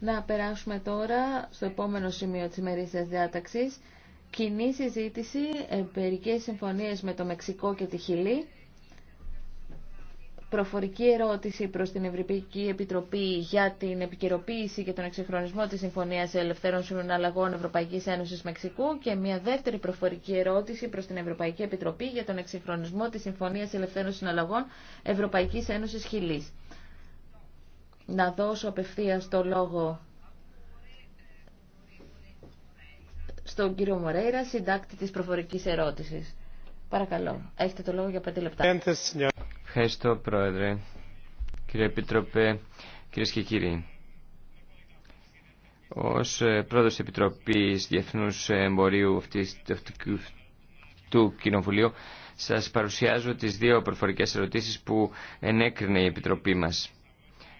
Να περάσουμε τώρα στο επόμενο σημείο της ημερήσιας διάταξης. Κοινή συζήτηση, Περικέ συμφωνίες με το Μεξικό και τη Χιλή προφορική ερώτηση προς την Ευρωπαϊκή Επιτροπή για την επικαιροποίηση και τον εξυγχρονισμό της Συμφωνίας Ελευθέρων Συναλλαγών Ευρωπαϊκής Ένωσης Μεξικού και μια δεύτερη προφορική ερώτηση προς την Ευρωπαϊκή Επιτροπή για τον εξυγχρονισμό της Συμφωνίας Ελευθέρων Συναλλαγών Ευρωπαϊκής Ένωσης Χιλής. Να δώσω απευθεία το λόγο στον κύριο Μορέιρα, συντάκτη της προφορικής ερώτησης. Παρακαλώ, έχετε το λόγο για πέντε λεπτά. Ευχαριστώ, Πρόεδρε. Κύριε Επίτροπε, κυρίε και κύριοι. Ως ε, πρόεδρος της Επιτροπής Διεθνούς Εμπορίου αυτής, του Κοινοβουλίου, σας παρουσιάζω τις δύο προφορικές ερωτήσεις που ενέκρινε η Επιτροπή μας.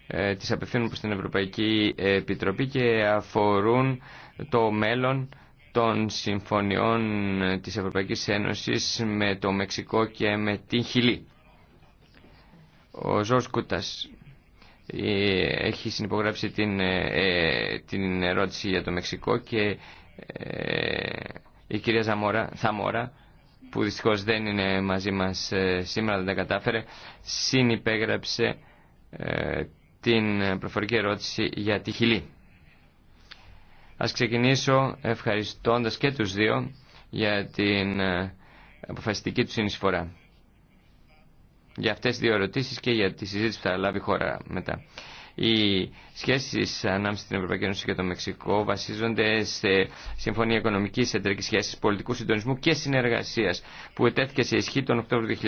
Ε, τις απευθύνουν προς την Ευρωπαϊκή Επιτροπή και αφορούν το μέλλον των συμφωνιών της Ευρωπαϊκής Ένωσης με το Μεξικό και με την Χιλή. Ο Ζορς Κούτας ε, έχει συνυπογράψει την, ε, ε, την ερώτηση για το Μεξικό και η κυρία Ζαμόρα, Θαμόρα που δυστυχώς δεν είναι μαζί μας σήμερα, δεν τα κατάφερε, συνυπέγραψε την προφορική ερώτηση για τη Χιλή. Ας ξεκινήσω ευχαριστώντας και τους δύο για την αποφασιστική του συνεισφορά για αυτές τις δύο ερωτήσεις και για τη συζήτηση που θα λάβει η χώρα μετά. Οι σχέσεις ανάμεσα στην Ευρωπαϊκή Ένωση και το Μεξικό βασίζονται σε Συμφωνία Οικονομικής Εταιρικής Σχέσης, Πολιτικού Συντονισμού και Συνεργασίας που ετέθηκε σε ισχύ τον Οκτώβριο 2000.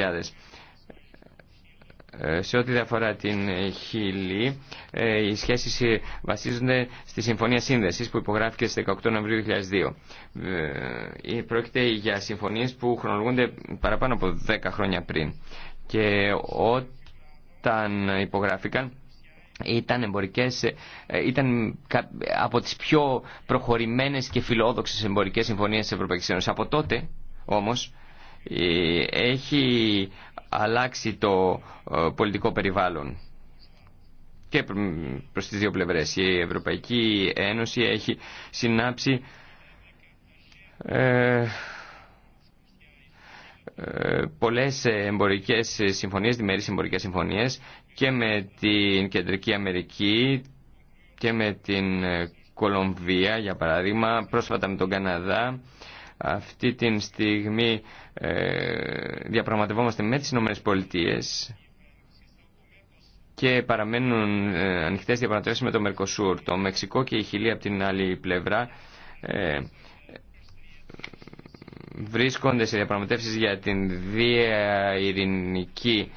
Ε, σε ό,τι αφορά την Χιλή, ε, οι σχέσεις ε, βασίζονται στη Συμφωνία Σύνδεσης που υπογράφηκε στις 18 Νοεμβρίου 2002. Πρόκειται για συμφωνίες που χρονολογούνται παραπάνω από 10 χρόνια πριν και όταν υπογράφηκαν ήταν εμπορικές, ε, ήταν από τις πιο προχωρημένες και φιλόδοξες εμπορικές συμφωνίες της Ευρωπαϊκής Ένωσης. Από τότε όμως ε, έχει αλλάξει το ε, πολιτικό περιβάλλον και προς τις δύο πλευρές. Η Ευρωπαϊκή Ένωση έχει συνάψει ε, πολλές εμπορικές συμφωνίες, διμερείς εμπορικές συμφωνίες και με την Κεντρική Αμερική και με την ε, Κολομβία για παράδειγμα, πρόσφατα με τον Καναδά. Αυτή τη στιγμή ε, διαπραγματευόμαστε με τις Ηνωμένε Πολιτείες και παραμένουν ανοιχτές διαπραγματεύσεις με το Μερκοσούρ. Το Μεξικό και η Χιλή από την άλλη πλευρά βρίσκονται σε διαπραγματεύσεις για την διαειρηνική ειρηνική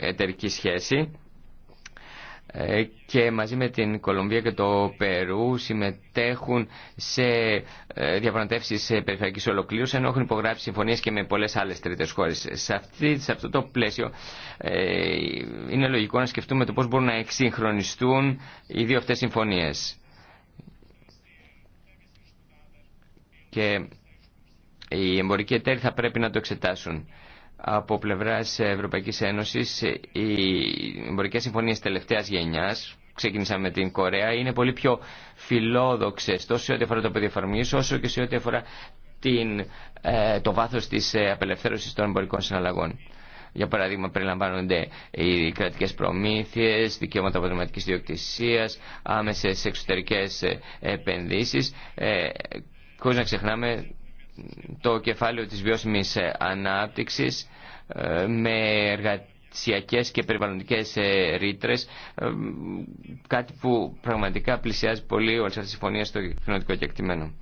εταιρική σχέση ε, και μαζί με την Κολομβία και το Περού συμμετέχουν σε ε, διαπραγματεύσεις περιφερειακής ολοκλήρωση ενώ έχουν υπογράψει συμφωνίες και με πολλές άλλες τρίτες χώρες. Σε, αυτή, σε αυτό το πλαίσιο ε, είναι λογικό να σκεφτούμε το πώς μπορούν να εξυγχρονιστούν οι δύο αυτές συμφωνίες. και οι εμπορικοί εταίροι θα πρέπει να το εξετάσουν. Από πλευράς Ευρωπαϊκή Ένωση, οι εμπορικέ συμφωνίε τελευταία γενιά, ξεκίνησαμε με την Κορέα είναι πολύ πιο φιλόδοξε τόσο σε ό,τι αφορά το πεδίο όσο και σε ό,τι αφορά την, ε, το βάθος της ε, απελευθέρωση των εμπορικών συναλλαγών. Για παράδειγμα, περιλαμβάνονται οι κρατικέ προμήθειε, δικαιώματα αποτελεσματική διοκτησία, άμεσε εξωτερικέ ε, επενδύσει, Χωρίς να ξεχνάμε το κεφάλαιο της βιώσιμης ανάπτυξης ε, με εργασιακές και περιβαλλοντικές ε, ρήτρε, ε, κάτι που πραγματικά πλησιάζει πολύ όλες αυτές τις συμφωνίες στο κοινωνικό κεκτημένο.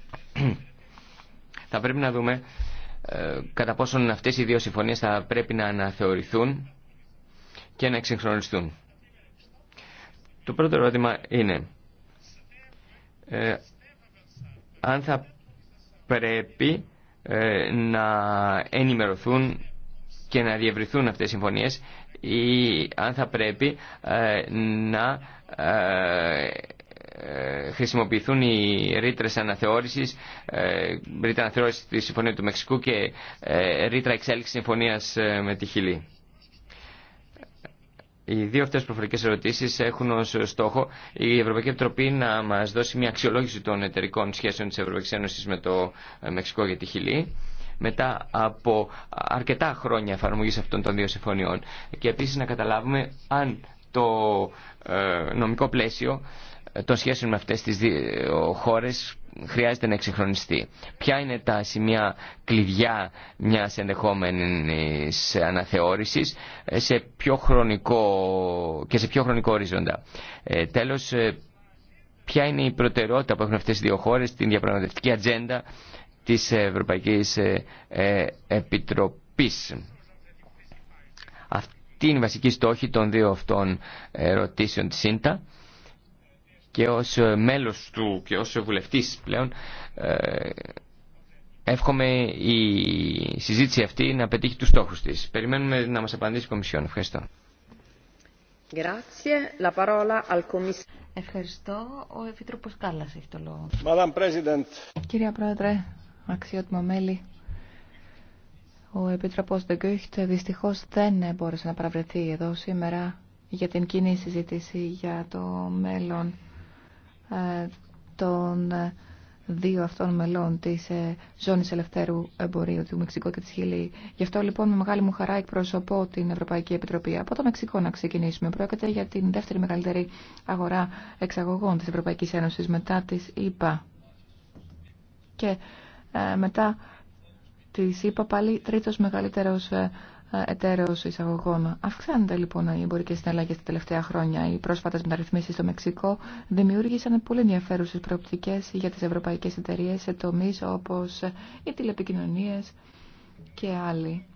Θα πρέπει να δούμε κατά πόσον αυτές οι δύο συμφωνίες θα πρέπει να αναθεωρηθούν και να εξυγχρονιστούν. Το πρώτο ερώτημα είναι ε, αν θα πρέπει ε, να ενημερωθούν και να διευρυθούν αυτές οι συμφωνίες ή αν θα πρέπει ε, να χρησιμοποιηθούν οι ρήτρες αναθεώρησης, ρήτρα αναθεώρησης της Συμφωνίας του Μεξικού και ρήτρα εξέλιξης συμφωνίας με τη Χιλή. Οι δύο αυτές προφορικές ερωτήσεις έχουν ως στόχο η Ευρωπαϊκή Επιτροπή να μας δώσει μια αξιολόγηση των εταιρικών σχέσεων της Ευρωπαϊκής Ένωσης με το ε, Μεξικό για τη Χιλή μετά από αρκετά χρόνια εφαρμογής αυτών των δύο συμφωνιών και επίσης να καταλάβουμε αν το ε, νομικό πλαίσιο των σχέσεων με αυτές τις δύο χώρες χρειάζεται να εξυγχρονιστεί. Ποια είναι τα σημεία κλειδιά μιας ενδεχόμενης αναθεώρησης ε, και σε πιο χρονικό ορίζοντα. Ε, τέλος, ε, ποια είναι η προτεραιότητα που έχουν αυτές οι δύο χώρες στην διαπραγματευτική ατζέντα της Ευρωπαϊκής ε, Επιτροπής. Αυτή είναι η βασική στόχη των δύο αυτών ερωτήσεων της ΣΥΝΤΑ και ως ε, μέλος του και ως ε, βουλευτής πλέον ε, εύχομαι η συζήτηση αυτή να πετύχει τους στόχους της. Περιμένουμε να μας απαντήσει η Κομισιόν. Ευχαριστώ. Ευχαριστώ. Ο Επίτροπος Κάλλας έχει το λόγο. Κυρία Πρόεδρε, αξιότιμα μέλη, ο Επίτροπος Δεγκούχτ δυστυχώς δεν μπόρεσε να παραβρεθεί εδώ σήμερα για την κοινή συζήτηση για το μέλλον ε, των δύο αυτών μελών της ε, Ζώνης Ελευθέρου Εμπορίου του Μεξικού και της Χιλή. Γι' αυτό λοιπόν με μεγάλη μου χαρά εκπροσωπώ την Ευρωπαϊκή Επιτροπή. Από το Μεξικό να ξεκινήσουμε. Πρόκειται για την δεύτερη μεγαλύτερη αγορά εξαγωγών της Ευρωπαϊκής Ένωσης μετά της ΕΠΑ. Και ε, μετά της ΕΠΑ πάλι τρίτος μεγαλύτερος εταίρεο εισαγωγών. Αυξάνονται λοιπόν οι εμπορικέ συναλλαγέ τα τελευταία χρόνια. Οι πρόσφατε μεταρρυθμίσει στο Μεξικό δημιούργησαν πολύ ενδιαφέρουσε προοπτικέ για τι ευρωπαϊκέ εταιρείε σε τομεί όπω οι τηλεπικοινωνίε και άλλοι.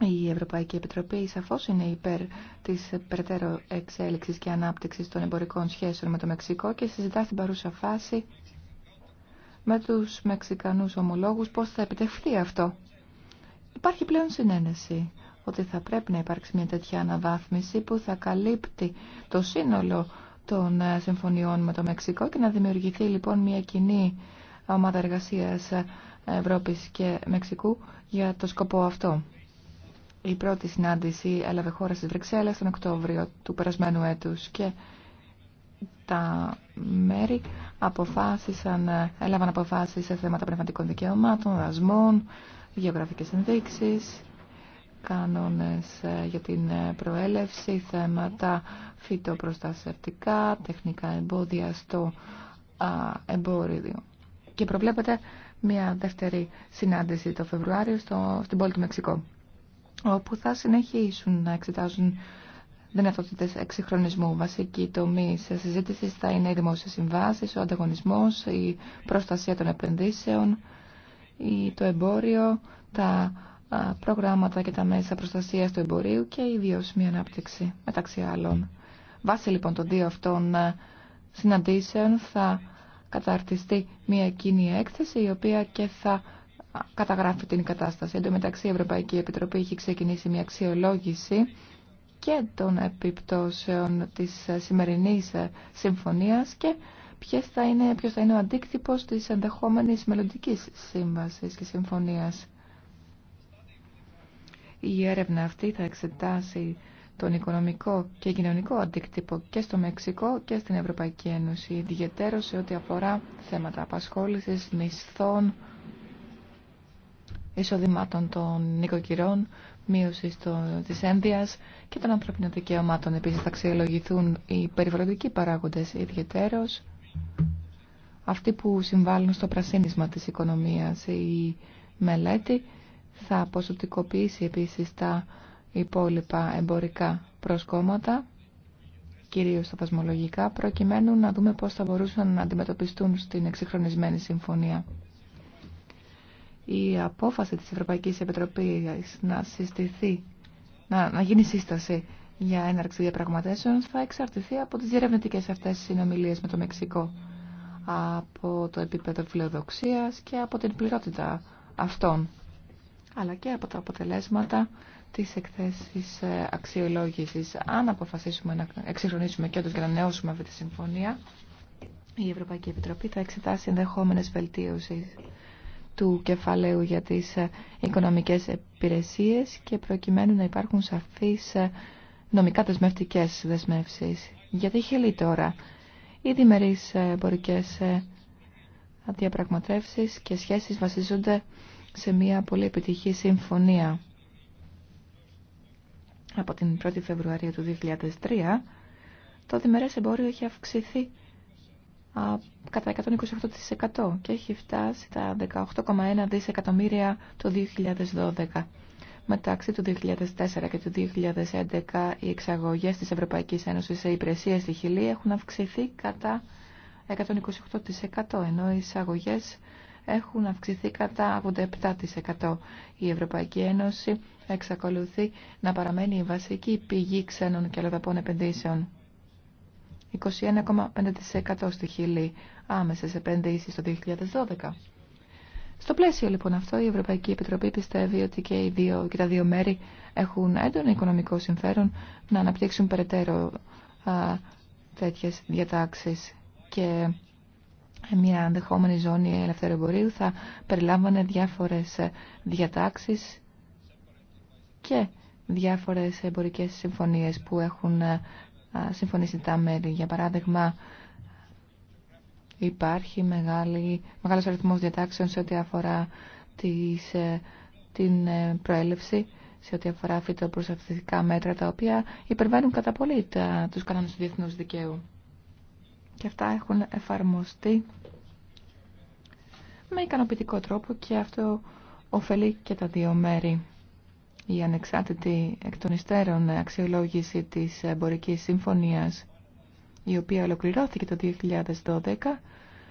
Η Ευρωπαϊκή Επιτροπή σαφώ είναι υπέρ τη περαιτέρω εξέλιξη και ανάπτυξη των εμπορικών σχέσεων με το Μεξικό και συζητά στην παρούσα φάση με τους Μεξικανούς ομολόγους πώς θα επιτευχθεί αυτό Υπάρχει πλέον συνένεση ότι θα πρέπει να υπάρξει μια τέτοια αναβάθμιση που θα καλύπτει το σύνολο των ε, συμφωνιών με το Μεξικό και να δημιουργηθεί λοιπόν μια κοινή ομάδα εργασίας ε, Ευρώπης και Μεξικού για το σκοπό αυτό. Η πρώτη συνάντηση έλαβε χώρα στις Βρυξέλλες τον Οκτώβριο του περασμένου έτους και τα μέρη αποφάσισαν, ε, έλαβαν αποφάσεις σε θέματα πνευματικών δικαιωμάτων, δασμών, γεωγραφικές ενδείξεις, κανόνες ε, για την ε, προέλευση, θέματα φυτοπροστασευτικά, τεχνικά εμπόδια στο εμπόριο. Και προβλέπεται μια δεύτερη συνάντηση το Φεβρουάριο στο, στην πόλη του Μεξικό, όπου θα συνεχίσουν να εξετάζουν δυνατότητε εξυγχρονισμού. Βασική τομή σε συζήτηση θα είναι οι δημόσιε συμβάσει, ο ανταγωνισμό, η προστασία των επενδύσεων, το εμπόριο, τα προγράμματα και τα μέσα προστασίας του εμπορίου και η βιώσιμη ανάπτυξη, μεταξύ άλλων. Βάσει λοιπόν των δύο αυτών ε, συναντήσεων θα καταρτιστεί μια κοινή έκθεση η οποία και θα καταγράφει την κατάσταση. Εν τω μεταξύ η Ευρωπαϊκή Επιτροπή έχει ξεκινήσει μια αξιολόγηση και των επιπτώσεων της ε, σημερινής ε, συμφωνίας και ποιος θα είναι, ποιος θα είναι ο αντίκτυπος της ενδεχόμενης μελλοντικής σύμβασης και συμφωνίας. Η έρευνα αυτή θα εξετάσει τον οικονομικό και κοινωνικό αντίκτυπο και στο Μεξικό και στην Ευρωπαϊκή Ένωση, ιδιαίτερο σε ό,τι αφορά θέματα απασχόλησης, μισθών, εισοδημάτων των νοικοκυρών, μείωση της ένδυας και των ανθρωπινών δικαιωμάτων. Επίσης θα αξιολογηθούν οι περιβαλλοντικοί παράγοντες ιδιαίτερως αυτοί που συμβάλλουν στο πρασίνισμα της οικονομίας. Η μελέτη θα ποσοτικοποιήσει επίσης τα υπόλοιπα εμπορικά προσκόμματα, κυρίως τα βασμολογικα προκειμένου να δούμε πώς θα μπορούσαν να αντιμετωπιστούν στην εξυγχρονισμένη συμφωνία. Η απόφαση της Ευρωπαϊκής Επιτροπής να συστηθεί, να, να γίνει σύσταση για έναρξη διαπραγματεύσεων θα εξαρτηθεί από τις διερευνητικές αυτές συνομιλίες με το Μεξικό, από το επίπεδο φιλοδοξίας και από την πληρότητα αυτών, αλλά και από τα αποτελέσματα της εκθέσης ε, αξιολόγησης. Αν αποφασίσουμε να εξυγχρονίσουμε και όταν για να νεώσουμε αυτή τη συμφωνία, η Ευρωπαϊκή Επιτροπή θα εξετάσει ενδεχόμενες βελτίωσεις του κεφαλαίου για τις ε, οικονομικές υπηρεσίες και προκειμένου να υπάρχουν σαφείς ε, νομικά δεσμευτικέ δεσμεύσεις. Γιατί χελεί τώρα οι διμερεί ε, εμπορικές ε, διαπραγματεύσει και σχέσεις βασίζονται σε μια πολύ επιτυχή συμφωνία. Από την 1η Φεβρουαρίου του 2003 το διμερές εμπόριο έχει αυξηθεί κατά 128% και έχει φτάσει τα 18,1 δισεκατομμύρια το 2012. Μεταξύ του 2004 και του 2011 οι εξαγωγές της Ευρωπαϊκής Ένωσης σε υπηρεσίες στη Χιλή έχουν αυξηθεί κατά 128% ενώ οι εισαγωγές έχουν αυξηθεί κατά 87%. Η Ευρωπαϊκή Ένωση εξακολουθεί να παραμένει η βασική πηγή ξένων και αλλοδαπών επενδύσεων. 21,5% στη Χιλή άμεσες επενδύσεις το 2012. Στο πλαίσιο λοιπόν αυτό η Ευρωπαϊκή Επιτροπή πιστεύει ότι και, οι δύο, τα δύο μέρη έχουν έντονο οικονομικό συμφέρον να αναπτύξουν περαιτέρω α, τέτοιες διατάξεις και μια ανδεχόμενη ζώνη ελευθερου εμπορίου θα περιλάμβανε διάφορες ε, διατάξεις και διάφορες εμπορικές συμφωνίες που έχουν ε, συμφωνήσει τα μέρη. Για παράδειγμα, Υπάρχει μεγάλη, μεγάλος αριθμός διατάξεων σε ό,τι αφορά ε, την ε, προέλευση, σε ό,τι αφορά φυτοπροσαρτητικά μέτρα, τα οποία υπερβαίνουν κατά πολύ τα, τους κανόνες του διεθνούς δικαίου. Και αυτά έχουν εφαρμοστεί με ικανοποιητικό τρόπο και αυτό ωφελεί και τα δύο μέρη. Η ανεξάρτητη εκ των υστέρων αξιολόγηση της εμπορικής συμφωνίας η οποία ολοκληρώθηκε το 2012,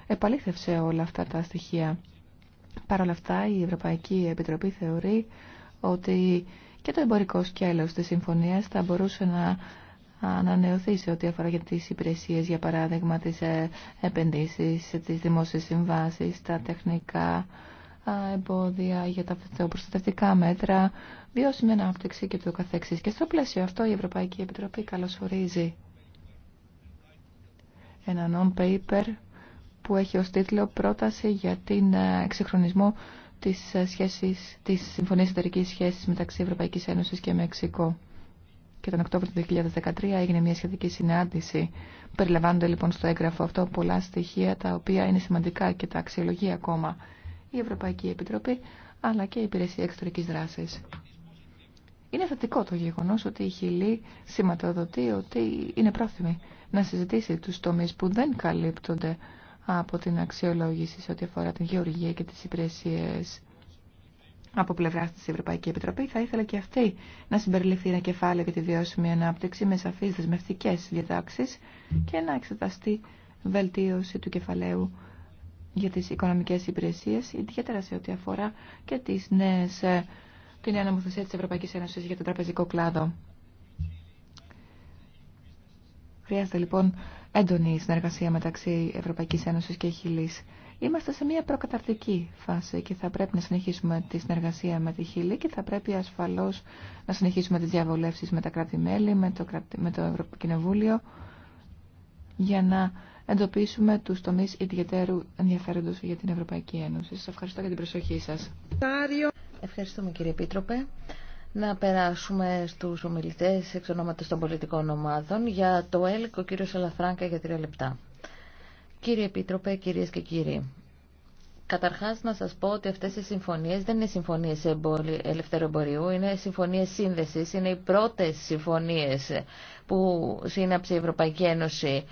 επαλήθευσε όλα αυτά τα στοιχεία. Παρ' όλα αυτά, η Ευρωπαϊκή Επιτροπή θεωρεί ότι και το εμπορικό σκέλος της συμφωνίας θα μπορούσε να ανανεωθεί σε ό,τι αφορά για τις υπηρεσίες, για παράδειγμα, τις ε, επενδύσεις, τις δημόσιες συμβάσεις, τα τεχνικά ε, εμπόδια για τα προστατευτικά μέτρα, βιώσιμη ανάπτυξη και το καθεξής. Και στο πλαίσιο αυτό η Ευρωπαϊκή Επιτροπή καλωσορίζει ένα non-paper που έχει ως τίτλο «Πρόταση για την ε, εξυγχρονισμό της, ε, σχέσης, της Συμφωνίας Σχέσης μεταξύ Ευρωπαϊκής Ένωσης και Μεξικό». Και τον Οκτώβριο του 2013 έγινε μια σχετική συνάντηση. Περιλαμβάνονται λοιπόν στο έγγραφο αυτό πολλά στοιχεία τα οποία είναι σημαντικά και τα αξιολογεί ακόμα η Ευρωπαϊκή Επιτροπή αλλά και η Υπηρεσία Εξωτερικής Δράσης. Είναι θετικό το γεγονός ότι η Χιλή σηματοδοτεί ότι είναι πρόθυμη να συζητήσει τους τομείς που δεν καλύπτονται από την αξιολόγηση σε ό,τι αφορά την γεωργία και τις υπηρεσίες από πλευρά τη Ευρωπαϊκή Επιτροπή. Θα ήθελα και αυτή να συμπεριληφθεί ένα κεφάλαιο για τη βιώσιμη ανάπτυξη με σαφεί δεσμευτικέ διατάξει και να εξεταστεί βελτίωση του κεφαλαίου για τις οικονομικές υπηρεσίες, ιδιαίτερα σε ό,τι αφορά και τις νέες ε, την αναμοθεσία της Ευρωπαϊκής Ένωσης για τον τραπεζικό κλάδο. Χρειάζεται λοιπόν έντονη συνεργασία μεταξύ Ευρωπαϊκής Ένωσης και Χιλής. Είμαστε σε μια προκαταρτική φάση και θα πρέπει να συνεχίσουμε τη συνεργασία με τη Χιλή και θα πρέπει ασφαλώς να συνεχίσουμε τις διαβολεύσεις με τα κράτη-μέλη, με το, με το Ευρωκοινοβούλιο για να εντοπίσουμε τους τομείς ιδιαίτερου ενδιαφέροντος για την Ευρωπαϊκή Ένωση. Σας ευχαριστώ για την προσοχή σας. Ευχαριστούμε κύριε Επίτροπε. Να περάσουμε στους ομιλητές εξ ονόματος των πολιτικών ομάδων. Για το ΕΛΚ κύριο κύριος για τρία λεπτά. Κύριε Επίτροπε, κυρίες και κύριοι. Καταρχάς να σας πω ότι αυτές οι συμφωνίες δεν είναι συμφωνίες εμπορίου, είναι συμφωνίες σύνδεσης, είναι οι πρώτες συμφωνίες που σύναψε η Ευρωπαϊκή Ένωση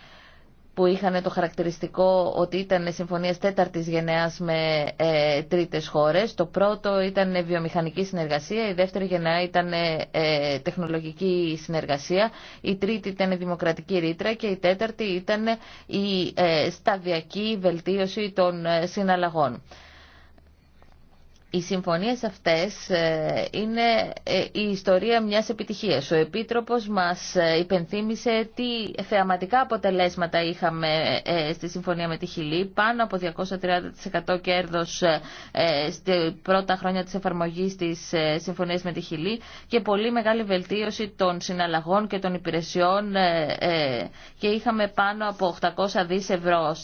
που είχαν το χαρακτηριστικό ότι ήταν συμφωνίες τέταρτης γενεάς με ε, τρίτες χώρες. Το πρώτο ήταν βιομηχανική συνεργασία, η δεύτερη γενεά ήταν ε, ε, τεχνολογική συνεργασία, η τρίτη ήταν δημοκρατική ρήτρα και η τέταρτη ήταν η ε, σταδιακή βελτίωση των συναλλαγών οι συμφωνίες αυτές ε, είναι ε, η ιστορία μιας επιτυχίας. Ο Επίτροπος μας ε, υπενθύμησε τι θεαματικά αποτελέσματα είχαμε στη συμφωνία με τη Χιλή. Πάνω από 230% κέρδος στη πρώτα χρόνια της εφαρμογής της συμφωνίας με τη Χιλή και πολύ μεγάλη βελτίωση των συναλλαγών και των υπηρεσιών και είχαμε πάνω από 800 δις ευρώ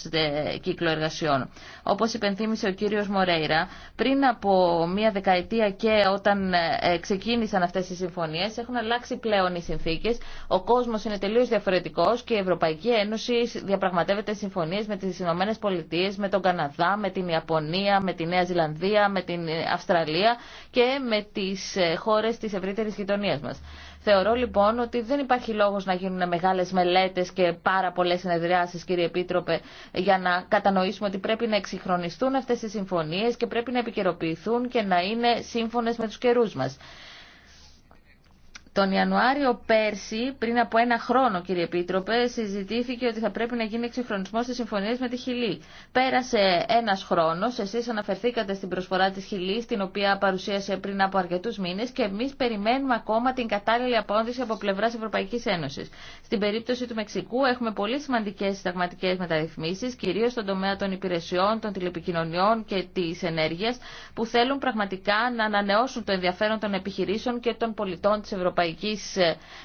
κύκλο εργασιών. Όπως υπενθύμησε ο κύριος Μορέιρα, πριν από μία δεκαετία και όταν ε, ξεκίνησαν αυτές οι συμφωνίες έχουν αλλάξει πλέον οι συνθήκες. Ο κόσμος είναι τελείως διαφορετικός και η Ευρωπαϊκή Ένωση διαπραγματεύεται συμφωνίες με τις Ηνωμένε Πολιτείες, με τον Καναδά, με την Ιαπωνία, με τη Νέα Ζηλανδία, με την Αυστραλία και με τις ε, χώρες της ευρύτερης γειτονίας μας. Θεωρώ λοιπόν ότι δεν υπάρχει λόγος να γίνουν μεγάλες μελέτες και πάρα πολλές συνεδριάσεις κύριε Επίτροπε για να κατανοήσουμε ότι πρέπει να εξυγχρονιστούν αυτές οι συμφωνίες και πρέπει να επικαιροποιηθούν και να είναι σύμφωνες με τους καιρούς μας. Τον Ιανουάριο πέρσι, πριν από ένα χρόνο κύριε Επίτροπε, συζητήθηκε ότι θα πρέπει να γίνει εξυγχρονισμό τη συμφωνίε με τη Χιλή. Πέρασε ένα χρόνο, εσεί αναφερθήκατε στην προσφορά τη Χιλή, την οποία παρουσίασε πριν από αρκετού μήνε και εμεί περιμένουμε ακόμα την κατάλληλη απόδειξη από πλευρά Ευρωπαϊκή Ένωση. Στην περίπτωση του Μεξικού έχουμε πολύ σημαντικέ συνταγματικέ μεταρρυθμίσει, κυρίω στον τομέα των υπηρεσιών, των τηλεπικοινωνιών και τη ενέργεια, που θέλουν πραγματικά να ανανεώσουν το ενδιαφέρον των επιχειρήσεων και των πολιτών τη Ευρωπαϊκή Ευρωπαϊκής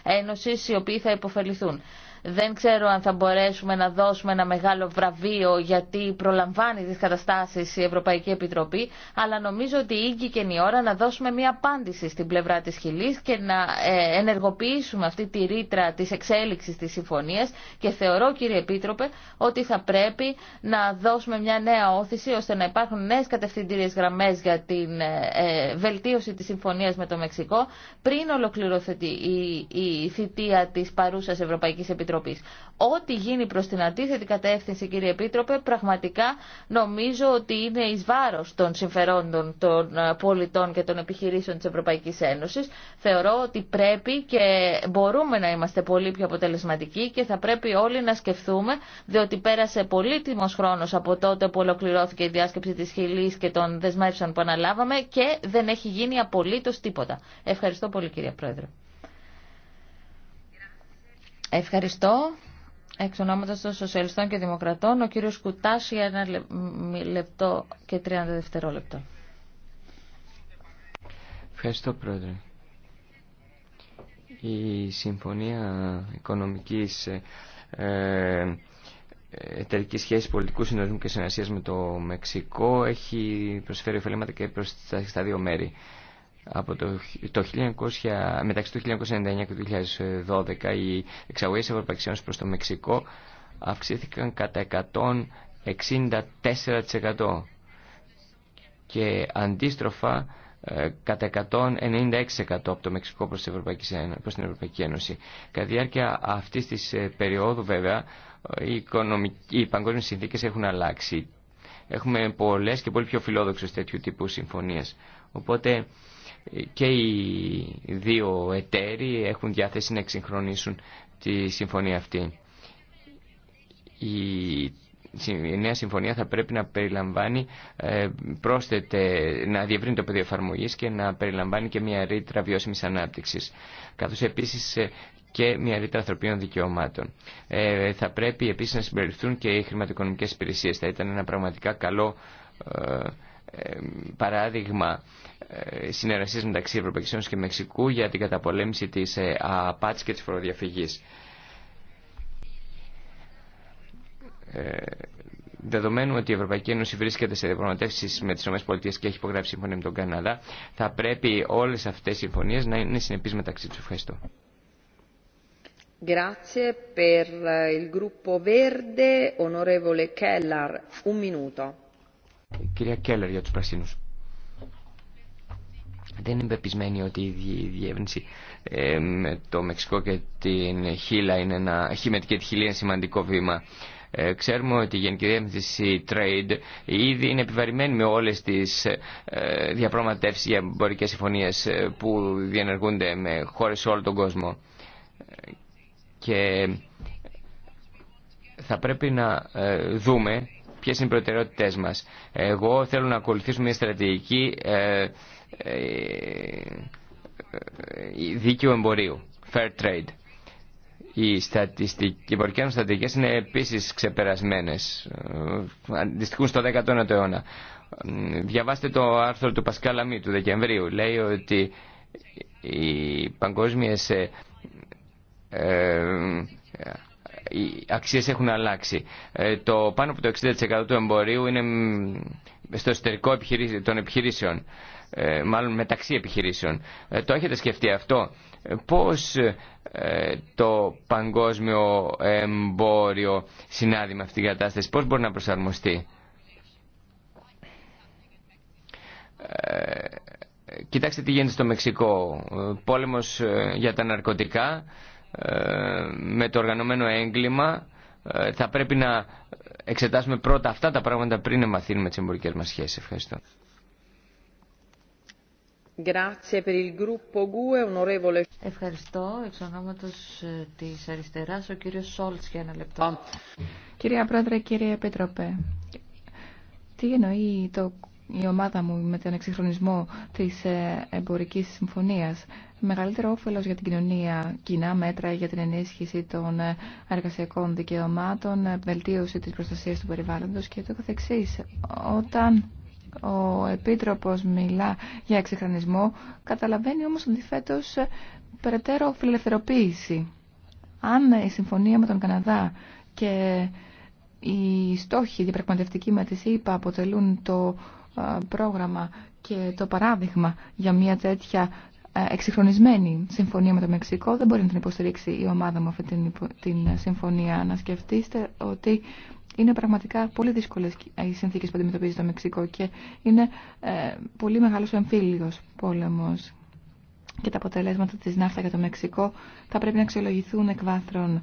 Ένωσης οι οποίοι θα υποφεληθούν. Δεν ξέρω αν θα μπορέσουμε να δώσουμε ένα μεγάλο βραβείο γιατί προλαμβάνει τις καταστάσεις η Ευρωπαϊκή Επιτροπή, αλλά νομίζω ότι ήγηκε η ώρα να δώσουμε μια απάντηση στην πλευρά της Χιλής και να ε, ενεργοποιήσουμε αυτή τη ρήτρα της εξέλιξης της συμφωνίας και θεωρώ κύριε Επίτροπε ότι θα πρέπει να δώσουμε μια νέα όθηση ώστε να υπάρχουν νέες κατευθυντήριες γραμμές για την ε, ε, βελτίωση της συμφωνίας με το Μεξικό πριν ολοκληρωθεί η θητεία της παρούσας Ευρωπαϊκής Επιτροπής Επιτροπής. Ό,τι γίνει προς την αντίθετη κατεύθυνση, κύριε Επίτροπε, πραγματικά νομίζω ότι είναι εις βάρος των συμφερόντων των ε, πολιτών και των επιχειρήσεων της Ευρωπαϊκής Ένωσης. Θεωρώ ότι πρέπει και μπορούμε να είμαστε πολύ πιο αποτελεσματικοί και θα πρέπει όλοι να σκεφτούμε, διότι πέρασε πολύτιμος χρόνος από τότε που ολοκληρώθηκε η διάσκεψη της Χιλής και των δεσμεύσεων που αναλάβαμε και δεν έχει γίνει απολύτως τίποτα. Ευχαριστώ πολύ κύριε Πρόεδρε. Ευχαριστώ. Εξ ονόματος των Σοσιαλιστών και Δημοκρατών, ο κύριος Κουτάς για ένα λεπτό και τρίαντα δευτερόλεπτα. Ευχαριστώ, Πρόεδρε. Η Συμφωνία Οικονομικής ε, ε εταιρική σχέση πολιτικού συνορισμού και συνεργασία με το Μεξικό έχει προσφέρει ωφελήματα και προς τα, δύο μέρη. Από το, μεταξύ του 1999 και του 2012 οι εξαγωγές ευρωπαϊκών προς το Μεξικό αυξήθηκαν κατά 164% και αντίστροφα ε, κατά 196% από το Μεξικό προς την Ευρωπαϊκή Ένωση. Κατά διάρκεια αυτής της ε, περίοδου βέβαια ε, οι, οι παγκόσμιες συνθήκες έχουν αλλάξει. Έχουμε πολλές και πολύ πιο φιλόδοξες τέτοιου τύπου συμφωνίες. Οπότε και οι δύο εταίροι έχουν διάθεση να εξυγχρονίσουν τη συμφωνία αυτή. Η νέα συμφωνία θα πρέπει να περιλαμβάνει ε, πρόσθετε, να διευρύνει το πεδίο εφαρμογή και να περιλαμβάνει και μια ρήτρα βιώσιμη ανάπτυξη, καθώ επίση ε, και μια ρήτρα ανθρωπίνων δικαιωμάτων. Ε, θα πρέπει επίση να συμπεριληφθούν και οι χρηματοοικονομικέ υπηρεσίε. Θα ήταν ένα πραγματικά καλό παράδειγμα ε, συνεργασίας μεταξύ Ευρωπαϊκής Ένωσης και Μεξικού για την καταπολέμηση της ε, απάτης και της φοροδιαφυγής. Ε, δεδομένου ότι η Ευρωπαϊκή Ένωση βρίσκεται σε διαπραγματεύσει με τι ΗΠΑ και έχει υπογράψει συμφωνία με τον Καναδά, θα πρέπει όλε αυτέ οι συμφωνίε να είναι συνεπεί μεταξύ του. Ευχαριστώ. Κυρία Κέλλερ για του πρασίνου. Δεν είναι πεπισμένη ότι η διεύρυνση ε, με το Μεξικό και την Χίλα είναι ένα, και τη Χιλή σημαντικό βήμα. Ε, ξέρουμε ότι η Γενική Διεύθυνση Trade ήδη είναι επιβαρημένη με όλες τις ε, διαπραγματεύσεις για εμπορικές συμφωνίες ε, που διενεργούνται με χώρες σε όλο τον κόσμο. Και θα πρέπει να δούμε ποιες είναι οι προτεραιότητές μας. Εγώ θέλω να ακολουθήσουμε μια στρατηγική ε, ε, ε, δίκαιου εμπορίου, fair trade. Οι, στατιστικές, οι στατιστικές είναι επίσης ξεπερασμένες, αντιστοιχούν στο 19ο αιώνα. Διαβάστε το άρθρο του Πασκάλ Αμή του Δεκεμβρίου. Λέει ότι οι παγκόσμιες ε, αξίες έχουν αλλάξει. το πάνω από το 60% του εμπορίου είναι στο εσωτερικό των επιχειρήσεων. Ε, μάλλον μεταξύ επιχειρήσεων. Ε, το έχετε σκεφτεί αυτό. Ε, πώς το παγκόσμιο εμπόριο συνάδει με αυτή την κατάσταση, πώς μπορεί να προσαρμοστεί. Κοιτάξτε τι γίνεται στο Μεξικό. Πόλεμος για τα ναρκωτικά με το οργανωμένο έγκλημα. Θα πρέπει να εξετάσουμε πρώτα αυτά τα πράγματα πριν να μαθαίνουμε τις εμπορικές μας σχέσεις. Ευχαριστώ. Ευχαριστώ. Εξ ονόματο ε, τη αριστερά, ο κύριο Σόλτ για ένα λεπτό. Κυρία Πρόεδρε, κύριε Επίτροπε, τι εννοεί το, η ομάδα μου με τον εξυγχρονισμό τη ε, εμπορική συμφωνία. Μεγαλύτερο όφελο για την κοινωνία, κοινά μέτρα για την ενίσχυση των ε, εργασιακών δικαιωμάτων, βελτίωση τη προστασία του περιβάλλοντο και το καθεξής. Όταν ο Επίτροπος μιλά για εξυγχρονισμό, καταλαβαίνει όμως ότι φέτος ε, περαιτέρω φιλελευθεροποίηση. Αν η συμφωνία με τον Καναδά και οι στόχοι διαπραγματευτικοί με τη ΣΥΠΑ αποτελούν το ε, πρόγραμμα και το παράδειγμα για μια τέτοια ε, εξυγχρονισμένη συμφωνία με το Μεξικό, δεν μπορεί να την υποστηρίξει η ομάδα μου αυτή την συμφωνία. Να σκεφτείστε ότι είναι πραγματικά πολύ δύσκολε οι συνθήκε που αντιμετωπίζει το Μεξικό και είναι ε, πολύ μεγάλο ο εμφύλιο πόλεμο. Και τα αποτελέσματα τη ναύτα για το Μεξικό θα πρέπει να αξιολογηθούν εκ βάθρων.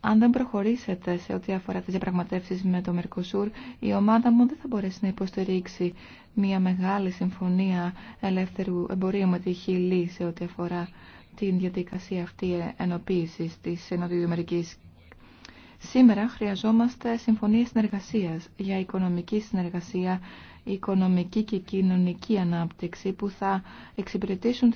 Αν δεν προχωρήσετε σε ό,τι αφορά τι διαπραγματεύσει με το Μερκοσούρ, η ομάδα μου δεν θα μπορέσει να υποστηρίξει μια μεγάλη συμφωνία ελεύθερου εμπορίου με τη Χιλή σε ό,τι αφορά την διαδικασία αυτή ενοποίηση τη Νοτιοαμερική Σήμερα χρειαζόμαστε συμφωνίες συνεργασίας για οικονομική συνεργασία, οικονομική και κοινωνική ανάπτυξη που θα εξυπηρετήσουν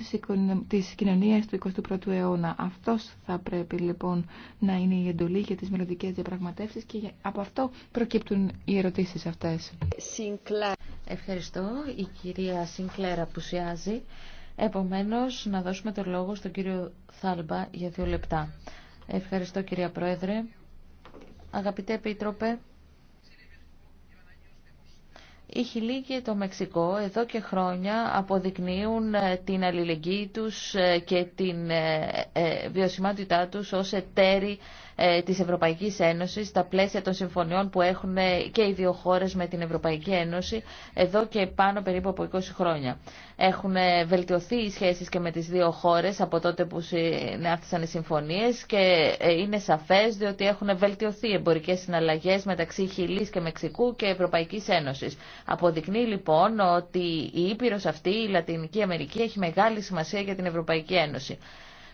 τις κοινωνίες του 21ου αιώνα. Αυτός θα πρέπει λοιπόν να είναι η εντολή για τις μελλοντικές διαπραγματεύσεις και από αυτό προκύπτουν οι ερωτήσεις αυτές. Ευχαριστώ. Η κυρία Σινκλέρα πουσιάζει. Επομένως, να δώσουμε το λόγο στον κύριο Θάλμπα για δύο λεπτά. Ευχαριστώ κυρία Πρόεδρε. Αγαπητέ Επίτροπε, η Χιλή και το Μεξικό εδώ και χρόνια αποδεικνύουν ε, την αλληλεγγύη τους ε, και την ε, βιωσιμότητά τους ως εταίροι της Ευρωπαϊκής Ένωσης στα πλαίσια των συμφωνιών που έχουν και οι δύο χώρες με την Ευρωπαϊκή Ένωση εδώ και πάνω περίπου από 20 χρόνια. Έχουν βελτιωθεί οι σχέσεις και με τις δύο χώρες από τότε που συνάφθησαν οι συμφωνίες και είναι σαφές διότι έχουν βελτιωθεί εμπορικές συναλλαγές μεταξύ Χιλής και Μεξικού και Ευρωπαϊκής Ένωσης. Αποδεικνύει λοιπόν ότι η Ήπειρος αυτή, η Λατινική Αμερική, έχει μεγάλη σημασία για την Ευρωπαϊκή Ένωση.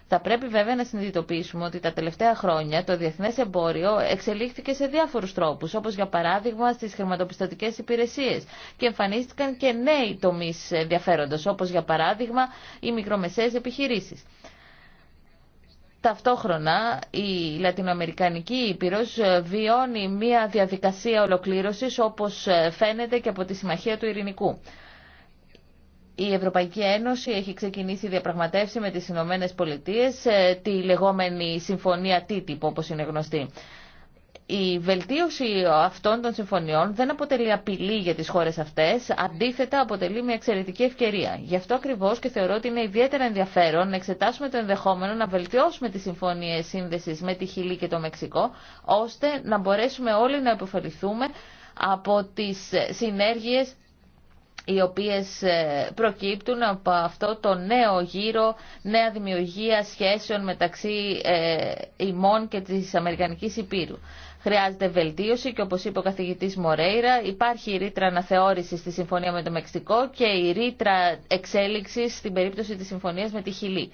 Θα πρέπει βέβαια να συνειδητοποιήσουμε ότι τα τελευταία χρόνια το διεθνέ εμπόριο εξελίχθηκε σε διάφορου τρόπου, όπω για παράδειγμα στι χρηματοπιστωτικέ υπηρεσίε. Και εμφανίστηκαν και νέοι τομεί ενδιαφέροντο, όπω για παράδειγμα οι μικρομεσαίε επιχειρήσει. Ταυτόχρονα η Λατινοαμερικανική Ήπειρος ε, βιώνει μια διαδικασία ολοκλήρωσης όπως ε, φαίνεται και από τη Συμμαχία του Ειρηνικού. Η Ευρωπαϊκή Ένωση έχει ξεκινήσει διαπραγματεύσει με τις Ηνωμένε Πολιτείες ε, τη λεγόμενη συμφωνία TTIP όπως είναι γνωστή η βελτίωση αυτών των συμφωνιών δεν αποτελεί απειλή για τις χώρες αυτές, αντίθετα αποτελεί μια εξαιρετική ευκαιρία. Γι' αυτό ακριβώς και θεωρώ ότι είναι ιδιαίτερα ενδιαφέρον να εξετάσουμε το ενδεχόμενο να βελτιώσουμε τις συμφωνίες σύνδεσης με τη Χιλή και το Μεξικό, ώστε να μπορέσουμε όλοι να υποφεληθούμε από τις συνέργειες οι οποίες ε, προκύπτουν από αυτό το νέο γύρο, νέα δημιουργία σχέσεων μεταξύ ε, ημών και της Αμερικανικής Υπήρου. Χρειάζεται βελτίωση και όπως είπε ο καθηγητής Μορέιρα υπάρχει η ρήτρα αναθεώρηση στη συμφωνία με το Μεξικό και η ρήτρα εξέλιξης στην περίπτωση της συμφωνίας με τη Χιλή.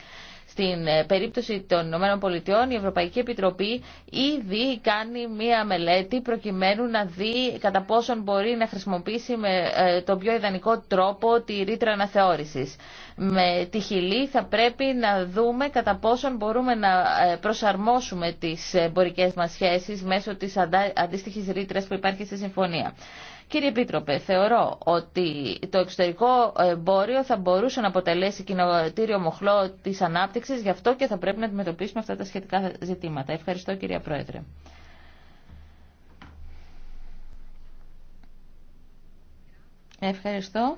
Στην ε, περίπτωση των Ηνωμένων Πολιτειών η Ευρωπαϊκή Επιτροπή ήδη κάνει μία μελέτη προκειμένου να δει κατά πόσον μπορεί να χρησιμοποιήσει με ε, τον πιο ιδανικό τρόπο τη ρήτρα αναθεώρησης. Με τη χιλή θα πρέπει να δούμε κατά πόσον μπορούμε να ε, προσαρμόσουμε τις εμπορικές μας σχέσεις μέσω της αντίστοιχης ρήτρας που υπάρχει στη συμφωνία. Κύριε Επίτροπε, θεωρώ ότι το εξωτερικό εμπόριο θα μπορούσε να αποτελέσει κοινοτήριο μοχλό τη ανάπτυξη, γι' αυτό και θα πρέπει να αντιμετωπίσουμε αυτά τα σχετικά ζητήματα. Ευχαριστώ, κυρία Πρόεδρε. Ευχαριστώ.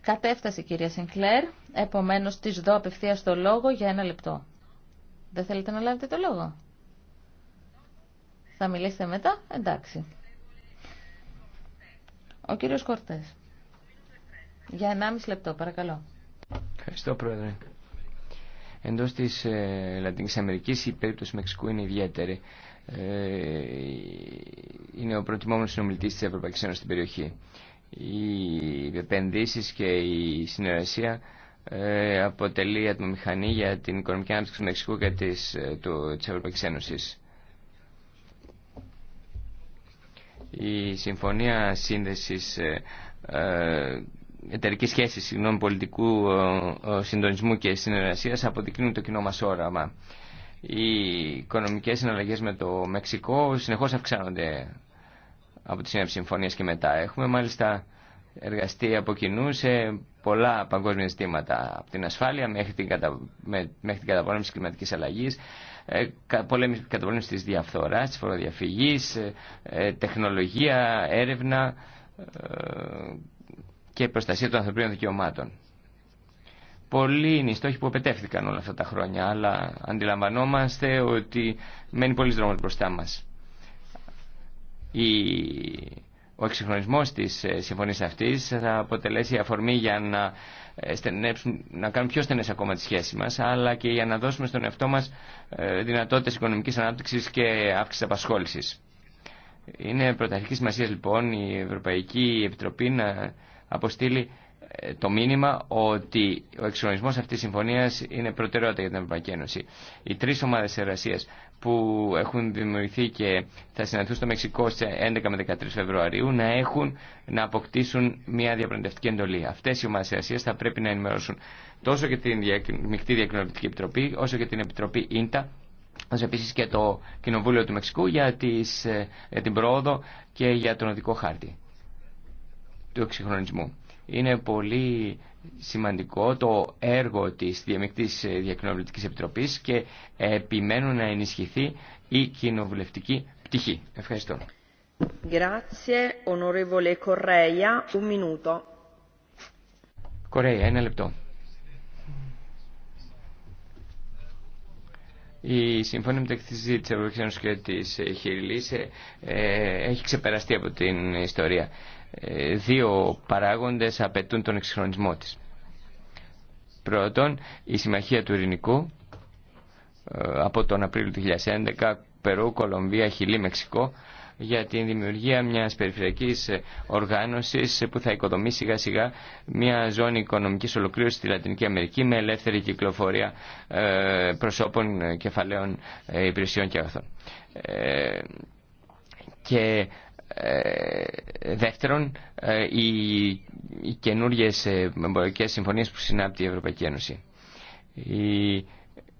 Κατέφτασε η κυρία Σινκλέρ, επομένως της δω απευθεία το λόγο για ένα λεπτό. Δεν θέλετε να λάβετε το λόγο. Θα μιλήσετε μετά. Εντάξει. Ο κύριος Κορτές. Για 1,5 λεπτό, παρακαλώ. Ευχαριστώ, Πρόεδρε. Εντό τη ε, Λατινική Αμερική η περίπτωση Μεξικού είναι ιδιαίτερη. Ε, είναι ο προτιμόμενο συνομιλητή τη Ευρωπαϊκή Ένωση στην περιοχή. Οι επενδύσει και η συνεργασία ε, αποτελεί ατμομηχανή για την οικονομική ανάπτυξη του Μεξικού και τη ε, Ευρωπαϊκή Ένωση. Η Συμφωνία Σύνδεσης ε, ε, εταιρική σχέση συγγνώμη, πολιτικού ε, συντονισμού και συνεργασίας αποδεικνύουν το κοινό μας όραμα. Οι οικονομικές συναλλαγές με το Μεξικό συνεχώς αυξάνονται από τις σύννευση συμφωνίες και μετά. Έχουμε μάλιστα εργαστεί από κοινού σε πολλά παγκόσμια ζητήματα, από την ασφάλεια μέχρι την, κατα... μέχρι την κλιματικής αλλαγής, ε, καταπολέμηση της διαφθοράς, της φοροδιαφυγής, ε, ε, τεχνολογία, έρευνα και προστασία των ανθρωπίνων δικαιωμάτων. Πολλοί είναι οι στόχοι που επετεύθηκαν όλα αυτά τα χρόνια, αλλά αντιλαμβανόμαστε ότι μένει πολλής δρόμοι μπροστά μας. Ο εξυγχρονισμός της ε, συμφωνίας αυτής θα αποτελέσει αφορμή για να, ε, να κάνουμε πιο στενές ακόμα τη σχέση μας, αλλά και για να δώσουμε στον εαυτό μας ε, δυνατότητες οικονομικής ανάπτυξης και αύξησης απασχόλησης. Είναι πρωταρχική σημασία λοιπόν η Ευρωπαϊκή Επιτροπή να αποστείλει ε, το μήνυμα ότι ο εξορισμό αυτή τη συμφωνία είναι προτεραιότητα για την Ευρωπαϊκή Ένωση. Οι τρει ομάδε εργασία που έχουν δημιουργηθεί και θα συναντηθούν στο Μεξικό στι 11 με 13 Φεβρουαρίου να, έχουν, να αποκτήσουν μια διαπραγματευτική εντολή. Αυτέ οι ομάδε εργασία θα πρέπει να ενημερώσουν τόσο και την Μικτή Διακοινωνική Επιτροπή, όσο και την Επιτροπή ΙΝΤΑ, όσο επίση και το Κοινοβούλιο του Μεξικού για, τις, ε, για την πρόοδο και για τον οδικό χάρτη του εξυγχρονισμού. Είναι πολύ σημαντικό το έργο της Διαμεκτής Διακοινοβουλευτικής Επιτροπής και επιμένουν να ενισχυθεί η κοινοβουλευτική πτυχή. Ευχαριστώ. Grazie, ένα λεπτό. Η συμφωνία μεταξύ τη Ευρωπαϊκή Ένωση και της Χιλής ε, ε, έχει ξεπεραστεί από την ιστορία δύο παράγοντες απαιτούν τον εξυγχρονισμό της. Πρώτον, η Συμμαχία του Ειρηνικού ε, από τον Απρίλιο του 2011, Περού, Κολομβία, Χιλή, Μεξικό, για την δημιουργία μιας περιφερειακής οργάνωσης που θα οικοδομει σιγά σιγά μια ζώνη οικονομικής ολοκλήρωσης στη Λατινική Αμερική με ελεύθερη κυκλοφορία ε, προσώπων, κεφαλαίων, ε, υπηρεσιών και αγαθών. Και ε, δεύτερον, ε, οι, οι καινούριε εμπορικέ συμφωνίε που συνάπτει η Ευρωπαϊκή Ένωση.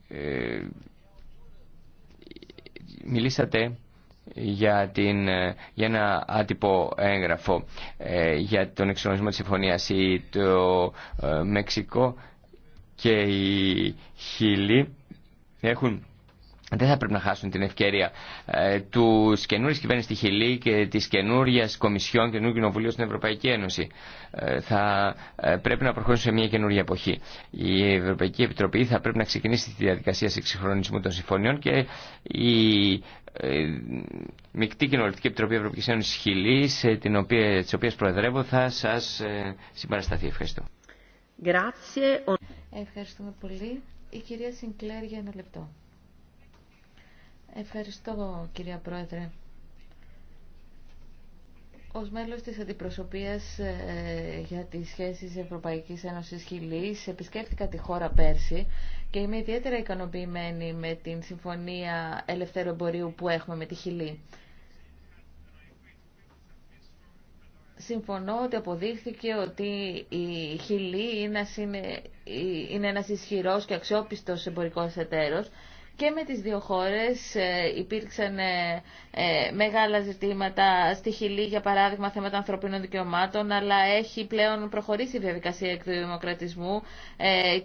Ε, μιλήσατε για, την, για ένα άτυπο έγγραφο για τον εξορισμό της συμφωνίας ή το Μεξικό και η Χιλή έχουν δεν θα πρέπει να χάσουν την ευκαιρία ε, του καινούριου κυβέρνηση στη Χιλή και τη καινούρια Κομισιόν, καινούργιου Κοινοβουλίου στην Ευρωπαϊκή Ένωση. Ε, θα ε, πρέπει να προχωρήσουν σε μια καινούργια εποχή. Η Ευρωπαϊκή Επιτροπή θα πρέπει να ξεκινήσει τη διαδικασία εξυγχρονισμού των συμφωνιών και η ε, Μικτή Κοινοβουλευτική Επιτροπή Ευρωπαϊκή Ένωση Χιλή, ε, τη οποία προεδρεύω, θα σα συμπαρασταθεί. Ευχαριστώ. Ευχαριστούμε πολύ. Η κυρία Σινκλέρ για ένα λεπτό. Ευχαριστώ κυρία Πρόεδρε. Ως μέλος της αντιπροσωπείας ε, για τις σχέσεις Ευρωπαϊκής Ένωσης Χιλή επισκέφτηκα τη χώρα πέρσι και είμαι ιδιαίτερα ικανοποιημένη με την Συμφωνία Ελευθέρου Εμπορίου που έχουμε με τη Χιλή. Συμφωνώ ότι αποδείχθηκε ότι η Χιλή είναι ένας ισχυρός και αξιόπιστος εμπορικός εταίρος και με τις δύο χώρες ε, υπήρξαν ε, ε, μεγάλα ζητήματα στη Χιλή, για παράδειγμα, θέματα ανθρωπίνων δικαιωμάτων, αλλά έχει πλέον προχωρήσει η διαδικασία εκ του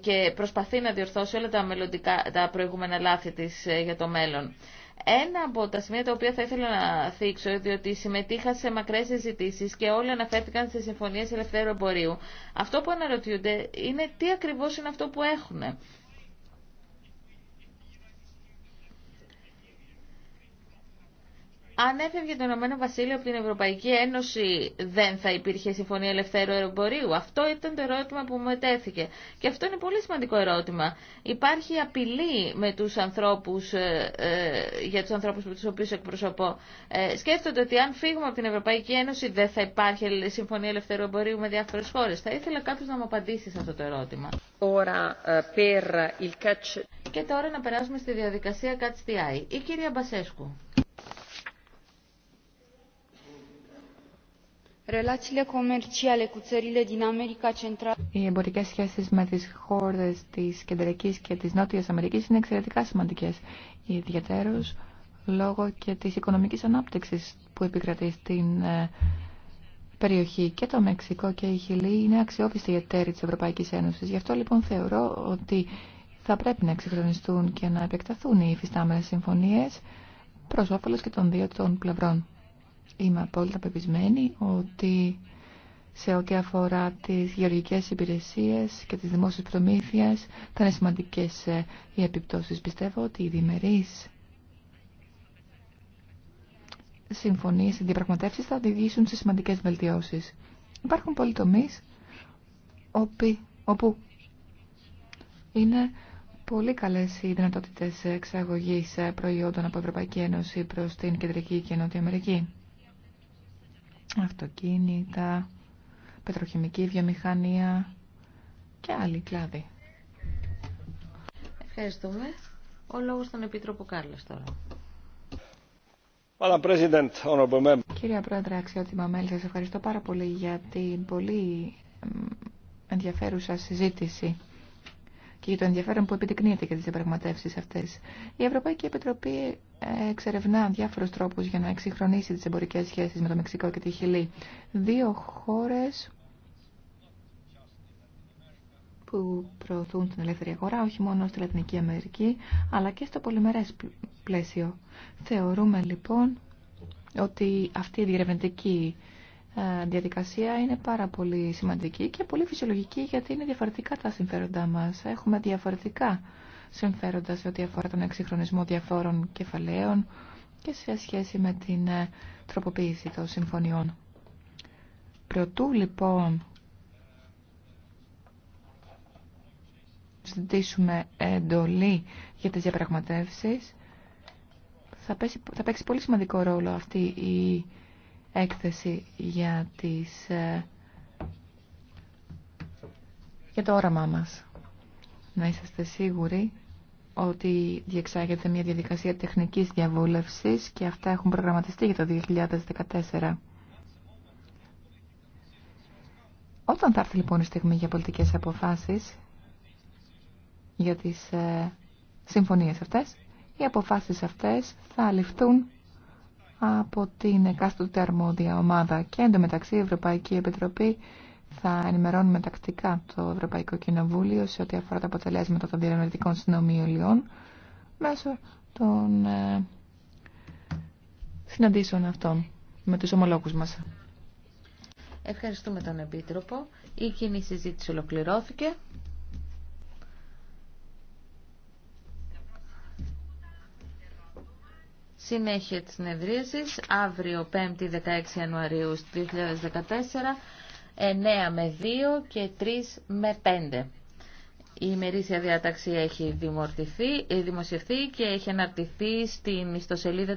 και προσπαθεί να διορθώσει όλα τα, μελλοντικά, τα προηγούμενα λάθη της για το μέλλον. Ένα από τα σημεία τα οποία θα ήθελα να θίξω, διότι συμμετείχα σε μακρέ συζητήσει και όλοι αναφέρθηκαν σε συμφωνίε ελευθέρου εμπορίου. Αυτό που αναρωτιούνται είναι τι ακριβώ είναι αυτό που έχουν. αν έφευγε το Ηνωμένο Βασίλειο από την Ευρωπαϊκή Ένωση, δεν θα υπήρχε συμφωνία ελευθέρου εμπορίου. Αυτό ήταν το ερώτημα που μου ετέθηκε. Και αυτό είναι πολύ σημαντικό ερώτημα. Υπάρχει απειλή με τους ανθρώπους, ε, ε, για του ανθρώπου με του οποίου εκπροσωπώ. Ε, σκέφτονται ότι αν φύγουμε από την Ευρωπαϊκή Ένωση, δεν θα υπάρχει συμφωνία ελευθέρου εμπορίου με διάφορε χώρε. Θα ήθελα κάποιο να μου απαντήσει σε αυτό το ερώτημα. Ε, Και τώρα να περάσουμε στη διαδικασία Catch the Eye. Η κυρία Μπασέσκου. Οι εμπορικέ σχέσεις με τις χώρες της Κεντρικής και της Νότιας Αμερικής είναι εξαιρετικά σημαντικές, ιδιαίτερως λόγω και της οικονομικής ανάπτυξης που επικρατεί στην ε, περιοχή. Και το Μεξικό και η Χιλή είναι αξιόπιστοι εταίροι της ευρωπαϊκή Ένωσης. Γι' αυτό λοιπόν θεωρώ ότι θα πρέπει να εξυγχρονιστούν και να επεκταθούν οι υφιστάμενες συμφωνίες προς όφελος και των δύο των πλευρών. Είμαι απόλυτα πεπισμένη ότι σε ό,τι αφορά τις γεωργικές υπηρεσίες και τις δημόσιες προμήθειες θα είναι σημαντικές ε, οι επιπτώσεις. Πιστεύω ότι οι διμερείς συμφωνίες και διαπραγματεύσεις θα οδηγήσουν σε σημαντικές βελτιώσεις. Υπάρχουν πολλοί τομει όπου είναι πολύ καλές οι δυνατότητες εξαγωγής ε, προϊόντων από Ευρωπαϊκή Ένωση προς την Κεντρική και Νότια Αμερική αυτοκίνητα, πετροχημική βιομηχανία και άλλη κλάδη. Ευχαριστούμε. Ο λόγος στον Επίτροπο Κάρλος τώρα. Κύριε Πρόεδρε, αξιότιμα μέλη, σας ευχαριστώ πάρα πολύ για την πολύ ενδιαφέρουσα συζήτηση και για το ενδιαφέρον που επιδεικνύεται για τις διαπραγματεύσεις αυτές. Η Ευρωπαϊκή Επιτροπή εξερευνά διάφορους τρόπους για να εξυγχρονίσει τι εμπορικέ σχέσει με το Μεξικό και τη Χιλή. Δύο χώρε που προωθούν την ελεύθερη αγορά όχι μόνο στη Λατινική Αμερική αλλά και στο πολυμερέ πλαίσιο. Θεωρούμε λοιπόν ότι αυτή η διερευνητική ε, διαδικασία είναι πάρα πολύ σημαντική και πολύ φυσιολογική γιατί είναι διαφορετικά τα συμφέροντά μας. Έχουμε διαφορετικά συμφέροντα σε ό,τι αφορά τον εξυγχρονισμό διαφόρων κεφαλαίων και σε σχέση με την ε, τροποποίηση των συμφωνιών. Προτού λοιπόν ζητήσουμε εντολή για τις διαπραγματεύσεις, θα, θα παίξει πολύ σημαντικό ρόλο αυτή η έκθεση για, τις, ε, για το όραμά μας να είσαστε σίγουροι ότι διεξάγεται μια διαδικασία τεχνικής διαβούλευσης και αυτά έχουν προγραμματιστεί για το 2014. Όταν θα έρθει λοιπόν η στιγμή για πολιτικές αποφάσεις, για τις ε, συμφωνίες αυτές, οι αποφάσεις αυτές θα ληφθούν από την εκάστοτε αρμόδια ομάδα και εντωμεταξύ η Ευρωπαϊκή Επιτροπή θα ενημερώνουμε τακτικά το Ευρωπαϊκό Κοινοβούλιο σε ό,τι αφορά τα αποτελέσματα των διερευνητικών συνομιλιών μέσω των ε, συναντήσεων αυτών με τους ομολόγους μας. Ευχαριστούμε τον Επίτροπο. Η κοινή συζήτηση ολοκληρώθηκε. Συνέχεια της συνεδρίασης, αύριο 5η 16 Ιανουαρίου 2014, 9 με 2 και 3 με 5. Η ημερήσια διάταξη έχει ε, δημοσιευθεί και έχει αναρτηθεί στην ιστοσελίδα